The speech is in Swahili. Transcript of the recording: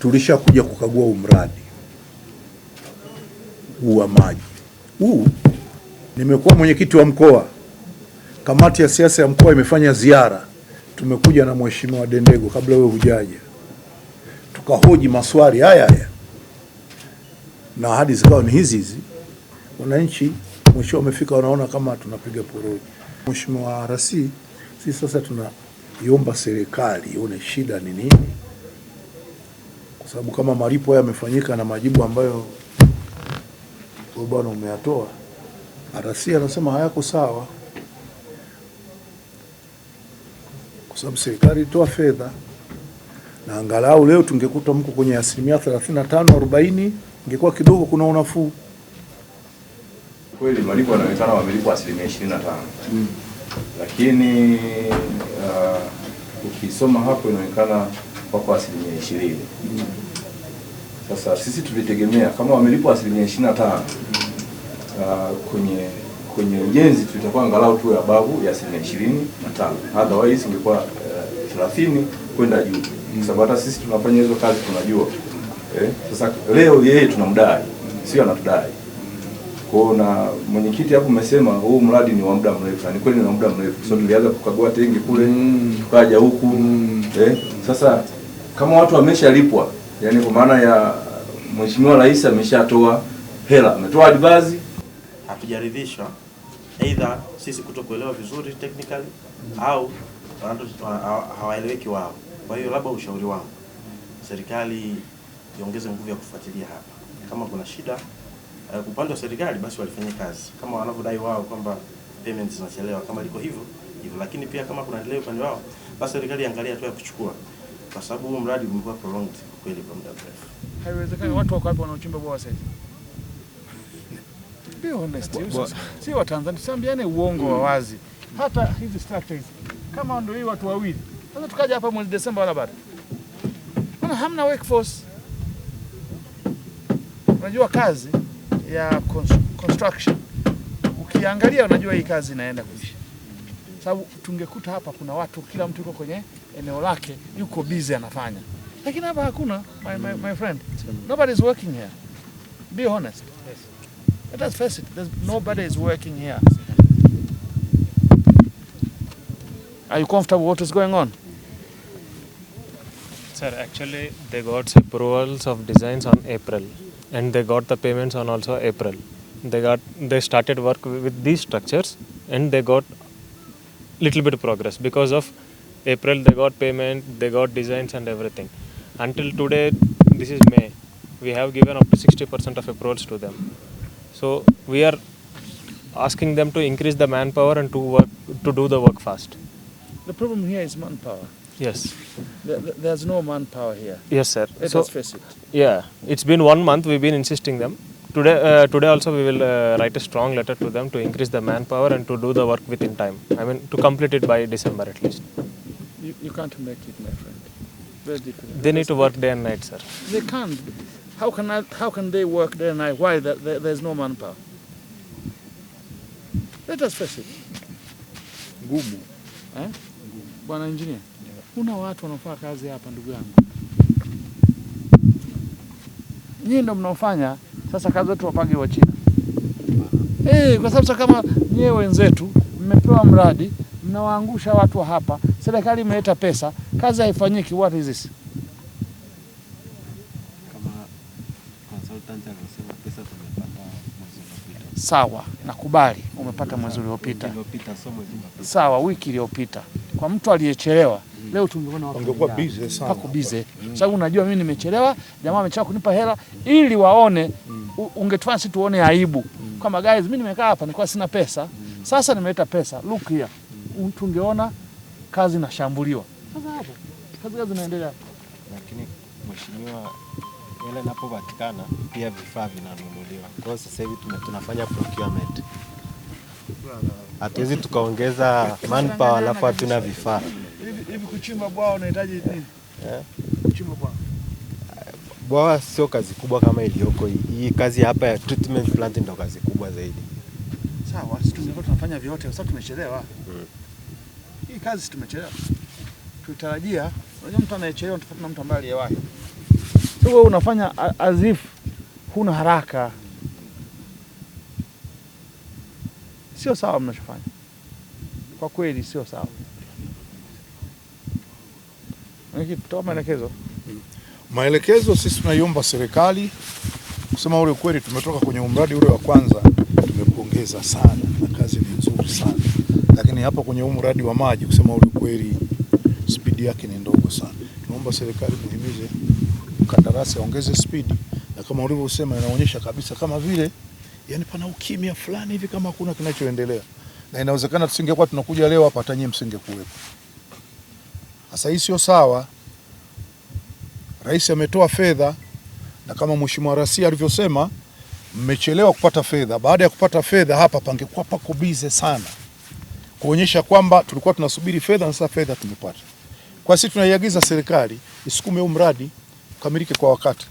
tulishakuja kukagua umradi huu wa maji huu. Nimekuwa mwenyekiti wa mkoa, kamati ya siasa ya mkoa imefanya ziara, tumekuja na mheshimiwa Dendego kabla wewe hujaja, tukahoji maswali haya haya na hadi zikawa ni hizi hizi. Wananchi mwisho wamefika, wanaona kama tunapiga poroji. Mheshimiwa RC, sisi sasa tunaiomba serikali ione shida ni nini sababu kama malipo haya yamefanyika na majibu ambayo bwana umeyatoa, arasi anasema hayako sawa, kwa sababu serikali itoa fedha na angalau leo tungekuta mko kwenye asilimia 35 40, ingekuwa kidogo kuna unafuu kweli. Malipo yanaonekana wamelipwa asilimia 25, mm. lakini uh, ukisoma hapo inaonekana mpaka asilimia ishirini. Sasa sisi tulitegemea kama wamelipwa asilimia ishirini na tano uh, kwenye kwenye ujenzi tutakuwa angalau tu ya babu ya asilimia ishirini na tano otherwise ingekuwa uh, thelathini kwenda juu, kwa sababu hata sisi tunafanya hizo kazi tunajua. Eh, sasa leo yeye tunamdai, sio anatudai kwao. Na mwenyekiti hapo umesema huu mradi ni wa muda mrefu, na ni kweli ni wa muda mrefu, so tulianza kukagua tengi kule, tukaja huku mm. eh, sasa kama watu wameshalipwa, yani kwa maana ya Mheshimiwa Rais ameshatoa hela, ametoa advance, hatujaridhishwa aidha sisi kutokuelewa vizuri technically au hawaeleweki wao. Kwa hiyo labda ushauri wangu serikali iongeze nguvu ya kufuatilia hapa, kama kuna shida eh, upande wa serikali basi walifanye kazi kama wanavyodai wao kwamba payments zinachelewa, kama liko hivyo hivyo, lakini pia kama kuna delay upande wao, basi serikali angalia hatua ya kuchukua kwa sababu huo mradi umekuwa prolonged kweli kwa muda mrefu. Haiwezekani watu wako wapi wanaochimba bwawa sasa Be honest, si wa Tanzania, siambiane uongo wa mm. wazi. Hata hizi structures kama ndio hii watu wawili. Sasa tukaja hapa mwezi Desemba wala bado. Kuna hamna workforce. Unajua kazi ya construction. Ukiangalia unajua hii kazi inaenda kuisha sababu tungekuta hapa kuna watu, kila mtu yuko kwenye eneo lake, yuko busy anafanya, lakini hapa hakuna. My, my, my friend, hmm. nobody is working here. Be honest. Yes. Let us face it. There's, nobody is working here. Are you comfortable what is going on? Sir, actually they got approvals of designs on April and they got the payments on also April. They got they started work with these structures and they got little bit of progress because of April they got payment, they got designs and everything. Until today, this is May, we have given up to 60% of approvals to them. So we are asking them to increase the manpower and to work to do the work fast. The problem here is manpower. Yes. there's no manpower here. Yes, sir. Let so, us face it. Yeah, it's been one month. We've been insisting them today uh, today also we will uh, write a strong letter to them to increase the manpower and to do the work within time i mean to complete it by december at least you, you can't make it my friend very difficult they need to work day and night sir they can't how can I, how can they work day and night why that there's no manpower let us face it gumu eh? bwana engineer kuna watu wanaofanya kazi hapa ndugu yangu nyinyi ndo mnaofanya Sasa kazi wetu wapange wa China hey, eh, kwa sababu kama nyewe wenzetu mmepewa mradi mnawaangusha watu wa hapa, serikali imeleta pesa, kazi haifanyiki. What is this? Sawa, nakubali umepata mwezi uliopita, sawa, wiki iliyopita kwa mtu aliyechelewa mm. leo tungeona wangekuwa busy sana, mm. sababu unajua mimi nimechelewa, jamaa amechelewa kunipa hela ili waone mm ungetufanya sisi tuone aibu mm. kama guys, mimi nimekaa hapa nilikuwa sina pesa mm. sasa nimeleta pesa, look here mm. tungeona kazi inashambuliwa. Sasa hapo kazi kazi inaendelea, lakini mheshimiwa, ile inapopatikana pia vifaa vinanunuliwa. Kwa hiyo sasa hivi tunafanya procurement, hatuwezi tukaongeza manpower alafu hatuna vifaa. Hivi kuchimba bwao unahitaji nini? Eh? bwawa sio kazi kubwa kama iliyoko hii. Kazi hapa ya treatment plant ndio kazi kubwa zaidi. Sawa, sisi tulikuwa tunafanya vyote, sasa tumechelewa. Hmm. Hii kazi tumechelewa, Tutarajia, Unajua mtu anayechelewa tofauti na mtu ambaye aliyewahi. Sio wewe unafanya azif huna haraka, sio sawa mnachofanya, kwa kweli sio sawa. Toa maelekezo. Maelekezo sisi tunaiomba serikali, kusema ule kweli, tumetoka kwenye mradi ule wa kwanza, tumepongeza sana na kazi ni nzuri sana, lakini hapa kwenye huu mradi wa maji, kusema ule kweli, spidi yake ni ndogo sana. Tunaomba serikali muhimize mkandarasi aongeze spidi, na kama ulivyosema, inaonyesha kabisa kama vile yani pana ukimya fulani hivi, kama hakuna kinachoendelea, na inawezekana tusingekuwa tunakuja leo hapa, hata nyinyi msingekuwepo. Sasa hii sio sawa. Rais ametoa fedha na kama Mheshimiwa Rasia alivyosema, mmechelewa kupata fedha. Baada ya kupata fedha, hapa pangekuwa pako bize sana kuonyesha kwamba tulikuwa tunasubiri fedha na sasa fedha tumepata. Kwa sisi tunaiagiza serikali isukume huu mradi ukamilike kwa wakati.